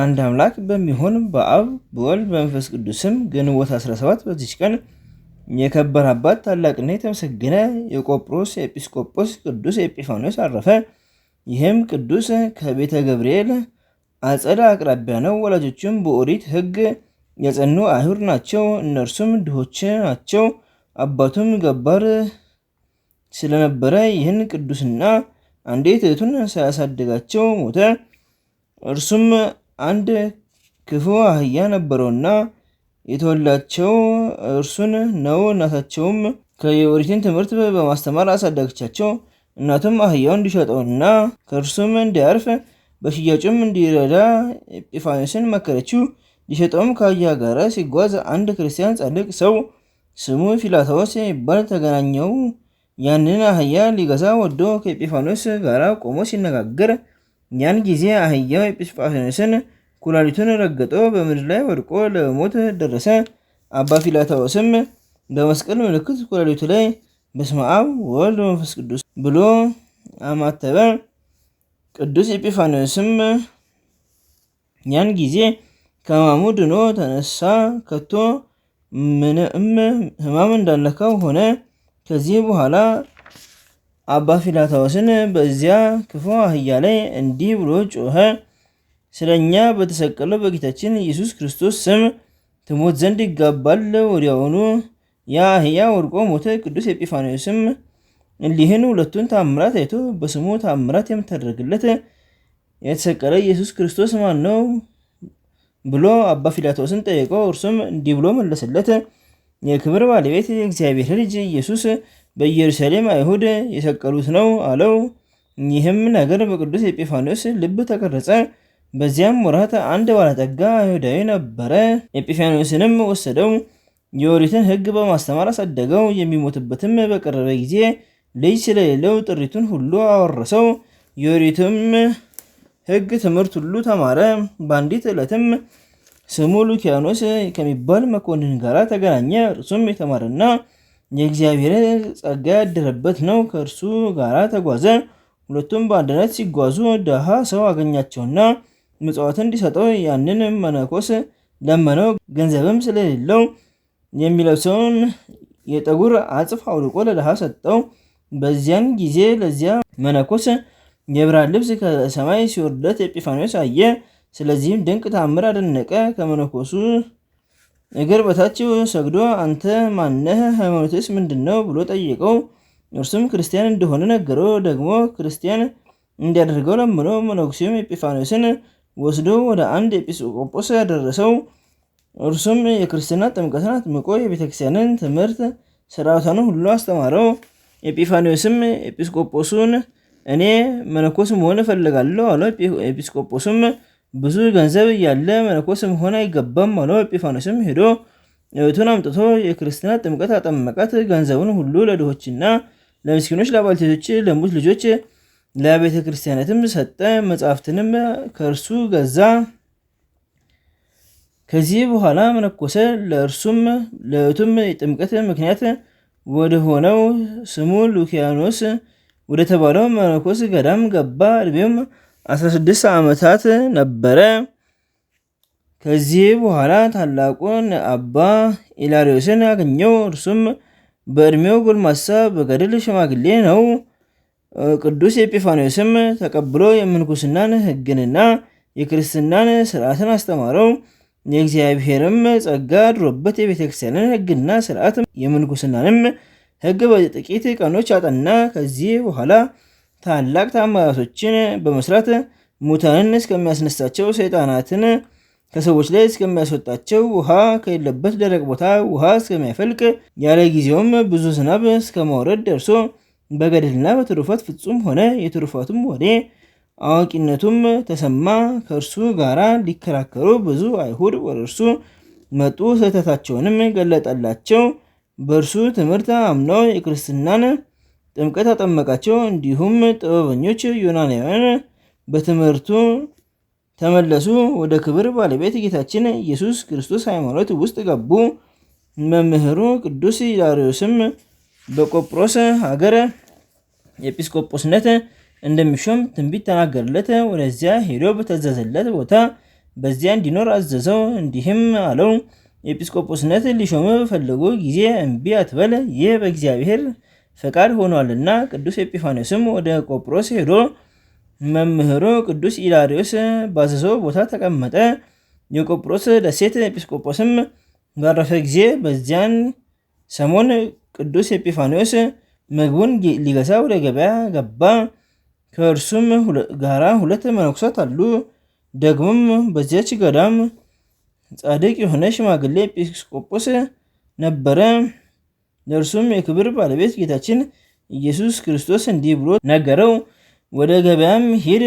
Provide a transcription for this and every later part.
አንድ አምላክ በሚሆን በአብ በወልድ በመንፈስ ቅዱስም ግንቦት 17 በዚች ቀን የከበረ አባት ታላቅና የተመሰገነ የቆጵሮስ ኤጲስቆጶስ ቅዱስ ኤጲፋኖስ አረፈ። ይህም ቅዱስ ከቤተ ገብርኤል አጸደ አቅራቢያ ነው። ወላጆቹም በኦሪት ሕግ የጸኑ አይሁድ ናቸው። እነርሱም ድሆች ናቸው። አባቱም ገባር ስለነበረ ይህን ቅዱስና አንዴት እህቱን ሳያሳድጋቸው ሞተ። እርሱም አንድ ክፉ አህያ ነበረውና የተወላቸው እርሱን ነው። እናታቸውም የኦሪትን ትምህርት በማስተማር አሳደገቻቸው። እናቱም አህያው እንዲሸጠውና ከእርሱም እንዲያርፍ በሽያጩም እንዲረዳ ኤጲፋንዮስን መከረችው። ሊሸጠውም ከአህያ ጋር ሲጓዝ አንድ ክርስቲያን ጻድቅ ሰው ስሙ ፊላታዎስ ይባል ተገናኘው። ያንን አህያ ሊገዛ ወዶ ከኤጲፋንዮስ ጋር ቆሞ ሲነጋገር ያን ጊዜ አህያው ኤጲስጳንስን ኩላሊቱን ረገጦ በምድር ላይ ወድቆ ለሞት ደረሰ። አባ ፊላታዎስም በመስቀል ምልክት ኩላሊቱ ላይ በስመ አብ ወወልድ መንፈስ ቅዱስ ብሎ አማተበ። ቅዱስ ኤጲፋንዮስም ያን ጊዜ ከሕማሙ ድኖ ተነሳ። ከቶ ምንም ሕማም እንዳልነካው ሆነ። ከዚህ በኋላ አባ ፊላታዎስን በዚያ ክፉ አህያ ላይ እንዲህ ብሎ ጮኸ። ስለ እኛ በተሰቀለው በጌታችን ኢየሱስ ክርስቶስ ስም ትሞት ዘንድ ይገባል። ወዲያውኑ ያ አህያ ወድቆ ሞተ። ቅዱስ ኤጲፋንዮስም እሊህን ሁለቱን ታምራት አይቶ በስሙ ታምራት የምታደርግለት የተሰቀለ ኢየሱስ ክርስቶስ ማን ነው ብሎ አባ ፊላቶስን ጠየቀው። እርሱም እንዲህ ብሎ መለሰለት፣ የክብር ባለቤት የእግዚአብሔር ልጅ ኢየሱስ በኢየሩሳሌም አይሁድ የሰቀሉት ነው አለው። ይህም ነገር በቅዱስ ኤጲፋኖስ ልብ ተቀረጸ። በዚያም ወራት አንድ ባለጠጋ አይሁዳዊ ነበረ። ኤጲፋኖስንም ወሰደው፣ የኦሪትን ሕግ በማስተማር አሳደገው። የሚሞትበትም በቀረበ ጊዜ ልጅ ስለሌለው ጥሪቱን ሁሉ አወረሰው። የኦሪትም ሕግ ትምህርት ሁሉ ተማረ። በአንዲት ዕለትም ስሙ ሉኪያኖስ ከሚባል መኮንን ጋር ተገናኘ። እርሱም የተማረና የእግዚአብሔር ጸጋ ያደረበት ነው። ከእርሱ ጋር ተጓዘ። ሁለቱም በአንድነት ሲጓዙ ደሃ ሰው አገኛቸውና ምጽዋት እንዲሰጠው ያንን መነኮስ ለመነው። ገንዘብም ስለሌለው የሚለብሰውን የጠጉር አጽፍ አውልቆ ለድሃ ሰጠው። በዚያን ጊዜ ለዚያ መነኮስ የብርሃን ልብስ ከሰማይ ሲወርደት ኤጲፋንዮስ አየ። ስለዚህም ድንቅ ታምር አደነቀ። ከመነኮሱ እግር በታች ሰግዶ አንተ ማነህ? ሃይማኖትስ ምንድን ነው ብሎ ጠየቀው። እርሱም ክርስቲያን እንደሆነ ነገረው። ደግሞ ክርስቲያን እንዲያደርገው ለምኖ መነኩሴም ኤጲፋኖስን ወስዶ ወደ አንድ ኤጲስቆጶስ ያደረሰው። እርሱም የክርስትና ጥምቀትን አጥምቆ የቤተክርስቲያንን ትምህርት ስርዓቷን ሁሉ አስተማረው። ኤጲፋኒዎስም ኤጲስቆጶሱን እኔ መነኮስ መሆን እፈልጋለሁ አለው። ኤጲስቆጶሱም ብዙ ገንዘብ እያለ መነኮስም ሆነ አይገባም አለው። ኤጲፋኖስም ሄዶ እህቱን አምጥቶ የክርስትና ጥምቀት አጠመቃት። ገንዘቡን ሁሉ ለድሆችና ለምስኪኖች፣ ለባልቴቶች፣ ለሙት ልጆች፣ ለቤተ ክርስቲያናትም ሰጠ። መጽሐፍትንም ከእርሱ ገዛ። ከዚህ በኋላ መነኮሰ። ለእርሱም ለእህቱም ጥምቀት ምክንያት ወደ ሆነው ስሙ ሉኪያኖስ ወደተባለው መነኮስ ገዳም ገባ። ዕድሜውም 16 ዓመታት ነበረ። ከዚህ በኋላ ታላቁን አባ ኢላሪዮስን አገኘው። እርሱም በእድሜው ጎልማሳ በገድል ሽማግሌ ነው። ቅዱስ ኤጲፋንዮስም ተቀብሎ የምንኩስናን ሕግንና የክርስትናን ስርዓትን አስተማረው። የእግዚአብሔርም ጸጋ አድሮበት የቤተክርስቲያንን ህግና ሕግና ስርዓት የምንኩስናንም ሕግ በጥቂት ቀኖች አጠና። ከዚህ በኋላ ታላቅ ታማራቶችን በመስራት ሙታንን እስከሚያስነሳቸው፣ ሰይጣናትን ከሰዎች ላይ እስከሚያስወጣቸው፣ ውሃ ከሌለበት ደረቅ ቦታ ውሃ እስከሚያፈልቅ ያለ ጊዜውም ብዙ ዝናብ እስከማውረድ ደርሶ በገድልና በትሩፋት ፍጹም ሆነ። የትሩፋቱም ወዴ አዋቂነቱም ተሰማ። ከእርሱ ጋራ ሊከራከሩ ብዙ አይሁድ ወደ እርሱ መጡ። ስህተታቸውንም ገለጠላቸው። በእርሱ ትምህርት አምነው የክርስትናን ጥምቀት አጠመቃቸው። እንዲሁም ጥበበኞች ዮናናውያን በትምህርቱ ተመለሱ። ወደ ክብር ባለቤት ጌታችን ኢየሱስ ክርስቶስ ሃይማኖት ውስጥ ገቡ። መምህሩ ቅዱስ ዳሪዮስም በቆጵሮስ ሀገር ኤጲስቆጶስነት እንደሚሾም ትንቢት ተናገርለት። ወደዚያ ሄዶ በተዘዘለት ቦታ በዚያ እንዲኖር አዘዘው። እንዲህም አለው ኤጲስቆጶስነት ሊሾም በፈለጉ ጊዜ እምቢ አትበል። ይህ በእግዚአብሔር ፈቃድ ሆኗልና ቅዱስ ኤጲፋንዮስም ወደ ቆጵሮስ ሄዶ መምህሩ ቅዱስ ኢላሪዮስ ባዘዘው ቦታ ተቀመጠ። የቆጵሮስ ደሴት ኤጲስቆጶስም ባረፈ ጊዜ በዚያን ሰሞን ቅዱስ ኤጲፋንዮስ ምግቡን ሊገዛ ወደ ገበያ ገባ። ከእርሱም ጋራ ሁለት መነኮሳት አሉ። ደግሞም በዚያች ገዳም ጻድቅ የሆነ ሽማግሌ ኤጲስቆጶስ ነበረ። ለእርሱም የክብር ባለቤት ጌታችን ኢየሱስ ክርስቶስ እንዲህ ብሎ ነገረው። ወደ ገበያም ሂድ፣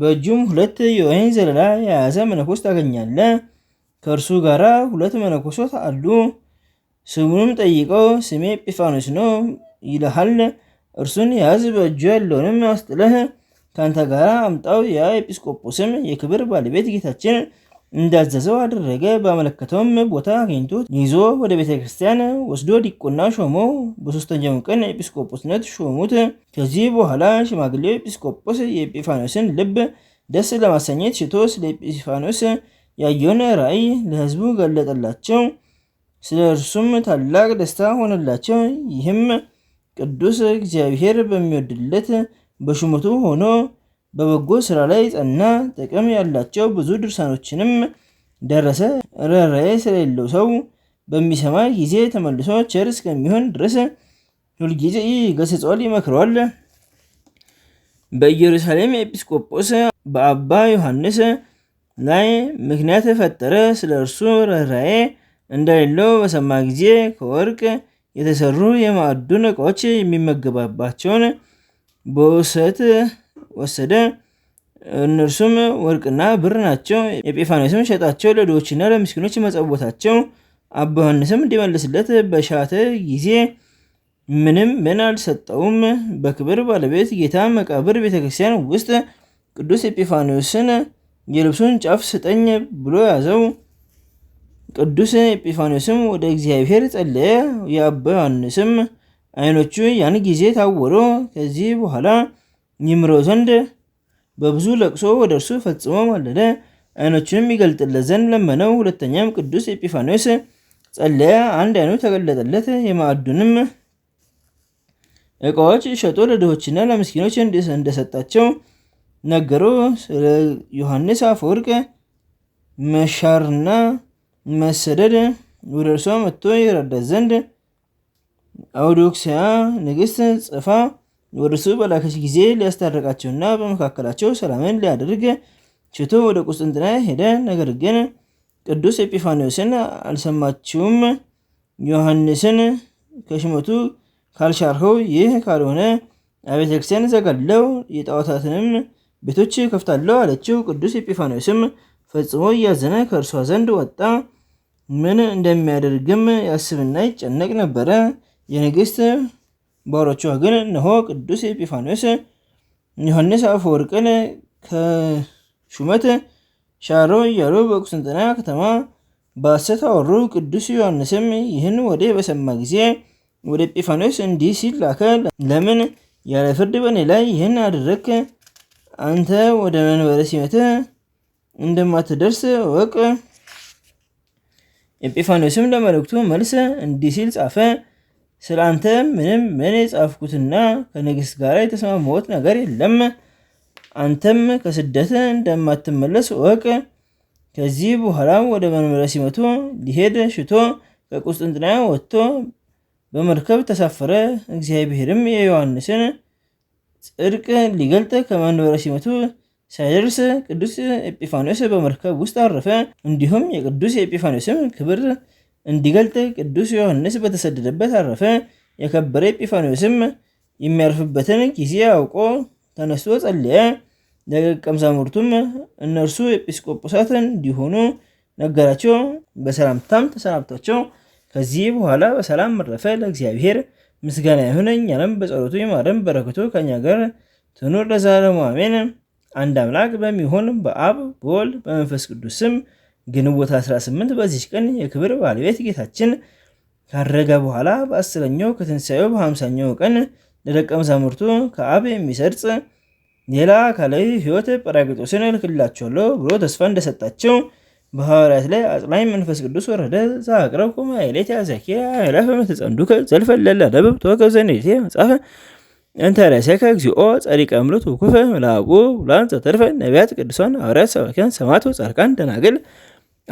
በእጁም ሁለት የወይን ዘለላ የያዘ መነኮስ ታገኛለ። ከእርሱ ጋር ሁለት መነኮሶት አሉ። ስሙንም ጠይቀው ስሜ ኤጲፋኖስ ነው ይልሃል። እርሱን ያዝ፣ በእጁ ያለውንም አስጥለህ ከአንተ ጋር አምጣው። ያ ኤጲስቆጶስም የክብር ባለቤት ጌታችን እንዳዘዘው አደረገ። ባመለከተውም ቦታ አግኝቶ ይዞ ወደ ቤተ ክርስቲያን ወስዶ ዲቆና ሾመው። በሶስተኛው ቀን ኤጲስቆጶስነት ሾሙት። ከዚህ በኋላ ሽማግሌው ኤጲስቆጶስ የኤጲፋኖስን ልብ ደስ ለማሰኘት ሽቶ ስለ ኤጲፋኖስ ያየውን ራእይ ለሕዝቡ ገለጠላቸው። ስለ እርሱም ታላቅ ደስታ ሆነላቸው። ይህም ቅዱስ እግዚአብሔር በሚወድለት በሹመቱ ሆኖ በበጎ ስራ ላይ ጸና። ጥቅም ያላቸው ብዙ ድርሳኖችንም ደረሰ። ርኅራኄ ስለሌለው ሰው በሚሰማ ጊዜ ተመልሶ ቸር እስከሚሆን ድረስ ሁልጊዜ ይገስጸዋል፣ ይመክረዋል። በኢየሩሳሌም ኤጲስቆጶስ በአባ ዮሐንስ ላይ ምክንያት ፈጠረ። ስለ እርሱ ርኅራኄ እንደሌለው በሰማ ጊዜ ከወርቅ የተሰሩ የማዕዱን ዕቃዎች የሚመገባባቸውን በውሰት ወሰደ። እነርሱም ወርቅና ብር ናቸው። ኤጲፋኒስም ሸጣቸው፣ ለድሆችና ለምስኪኖች መጸወታቸው። አባ ዮሐንስም እንዲመልስለት በሻተ ጊዜ ምንም ምን አልሰጠውም። በክብር ባለቤት ጌታ መቃብር ቤተክርስቲያን ውስጥ ቅዱስ ኤጲፋኒዎስን የልብሱን ጫፍ ስጠኝ ብሎ ያዘው። ቅዱስ ኤጲፋኒዎስም ወደ እግዚአብሔር ጸለየ። የአባ ዮሐንስም ዓይኖቹ ያን ጊዜ ታወሮ ከዚህ በኋላ ይምረው ዘንድ በብዙ ለቅሶ ወደ እርሱ ፈጽሞ ማለደ። ዓይኖቹንም ይገልጥለት ዘንድ ለመነው። ሁለተኛም ቅዱስ ኤጲፋኖስ ጸለየ። አንድ ዓይኑ ተገለጠለት። የማዕዱንም ዕቃዎች ሸጦ ለድሆችና ለምስኪኖች እንደሰጣቸው ነገሩ። ስለ ዮሐንስ አፈወርቅ መሻርና መሰደድ ወደ እርሷ መጥቶ ይረዳት ዘንድ አውዶክሲያ ንግሥት ጽፋ ወደሱ በላከች ጊዜ ሊያስታርቃቸውና በመካከላቸው ሰላምን ሊያደርግ ሽቶ ወደ ቁስጥንጥና ሄደ። ነገር ግን ቅዱስ ኤጲፋንዮስን አልሰማችውም። ዮሐንስን ከሽመቱ ካልሻርኸው፣ ይህ ካልሆነ አብያተ ክርስቲያን ዘጋለው፣ የጣዖታትንም ቤቶች ከፍታለሁ አለችው። ቅዱስ ኤጲፋንዮስም ፈጽሞ እያዘነ ከእርሷ ዘንድ ወጣ። ምን እንደሚያደርግም ያስብና ይጨነቅ ነበረ። የንግስት ባሮቹ ግን እነሆ ቅዱስ ኤጲፋንዮስ ዮሐንስ አፈወርቅን ከሹመት ሻሮ እያሉ በቁስንጥና ከተማ በሐሰት አወሩ። ቅዱስ ዮሐንስም ይህን ወዴ በሰማ ጊዜ ወደ ኤጲፋንዮስ እንዲህ ሲል ላከ። ለምን ያለ ፍርድ በእኔ ላይ ይህን አደረግክ? አንተ ወደ መንበረ ሲመት እንደማትደርስ እወቅ። ኤጲፋንዮስም ለመልእክቱ መልስ እንዲህ ሲል ጻፈ። ስለ አንተ ምንም ምን የጻፍኩትና ከንግሥት ጋር የተስማማሁት ነገር የለም። አንተም ከስደት እንደማትመለስ እወቅ። ከዚህ በኋላም ወደ መንበረ ሲመቱ ሊሄድ ሽቶ ከቁስጥንጥንያ ወጥቶ በመርከብ ተሳፈረ። እግዚአብሔርም የዮሐንስን ጽድቅ ሊገልጥ ከመንበረ ሲመቱ ሳይደርስ ቅዱስ ኤጲፋኖስ በመርከብ ውስጥ አረፈ። እንዲሁም የቅዱስ ኤጲፋኖስም ክብር እንዲገልጥ ቅዱስ ዮሐንስ በተሰደደበት አረፈ። የከበረ ኤጲፋንዮስም የሚያርፍበትን ጊዜ አውቆ ተነስቶ ጸለየ። ደቀ መዛሙርቱም እነርሱ ኤጲስቆጶሳት እንዲሆኑ ነገራቸው። በሰላምታም ተሰናብቷቸው ከዚህ በኋላ በሰላም አረፈ። ለእግዚአብሔር ምስጋና ይሁን፣ እኛንም በጸሎቱ ይማረን፣ በረከቱ ከኛ ጋር ትኑር ለዘላለሙ አሜን። አንድ አምላክ በሚሆን በአብ በወልድ በመንፈስ ቅዱስ ስም ግንቦት 18 በዚች ቀን የክብር ባለቤት ጌታችን ካረገ በኋላ በአስረኛው ከትንሣኤው በሃምሳኛው ቀን ለደቀ መዛሙርቱ ከአብ የሚሰርጽ ሌላ አካላዊ ሕይወት ጰራቅሊጦስን እልክላችኋለሁ ብሎ ተስፋ እንደሰጣቸው በሐዋርያት ላይ አጽናኝ መንፈስ ቅዱስ ወረደ። ዛቅረብ ኩማ ኢሌቴ አዛኪያ አእላፈ እምትጸንዱከ ዘልፈለላ ደብብ ተወከ ዘኔቴ መጽሐፈ እንተረሴከ እግዚኦ ጸሪቀ ምሉት ውኩፈ ምላቁ ብላን ዘተርፈ ነቢያት፣ ቅዱሳን ሐዋርያት፣ ሰባኪያን፣ ሰማዕታት፣ ጻድቃን፣ ደናግል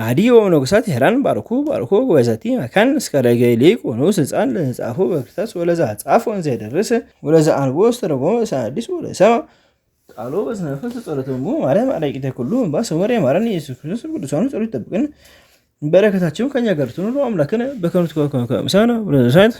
አዲ በሆነው ግሳት ሄራን ባርኩ ባርኩ ወዘቲ መካን እስከ ረገ ሊቅ ወንውስ ህፃን ለህፃፎ በክርታስ ወለዛ ጻፍ ወንዘ የደርስ ወለዛ አንቦ ስተረጎ ሳዲስ ወለሰማ ቃሎ በስነፈስ ጸሎተሙ ማርያም አላቂተ ኩሉ እንባ ሰመሪ ማረን ኢየሱስ ክርስቶስ ቅዱሳኑ ጸሎት ይጠብቅን። በረከታቸው ከኛ ጋር ትኑሩ። አምላክን በከኑት ኮኮ ምሳና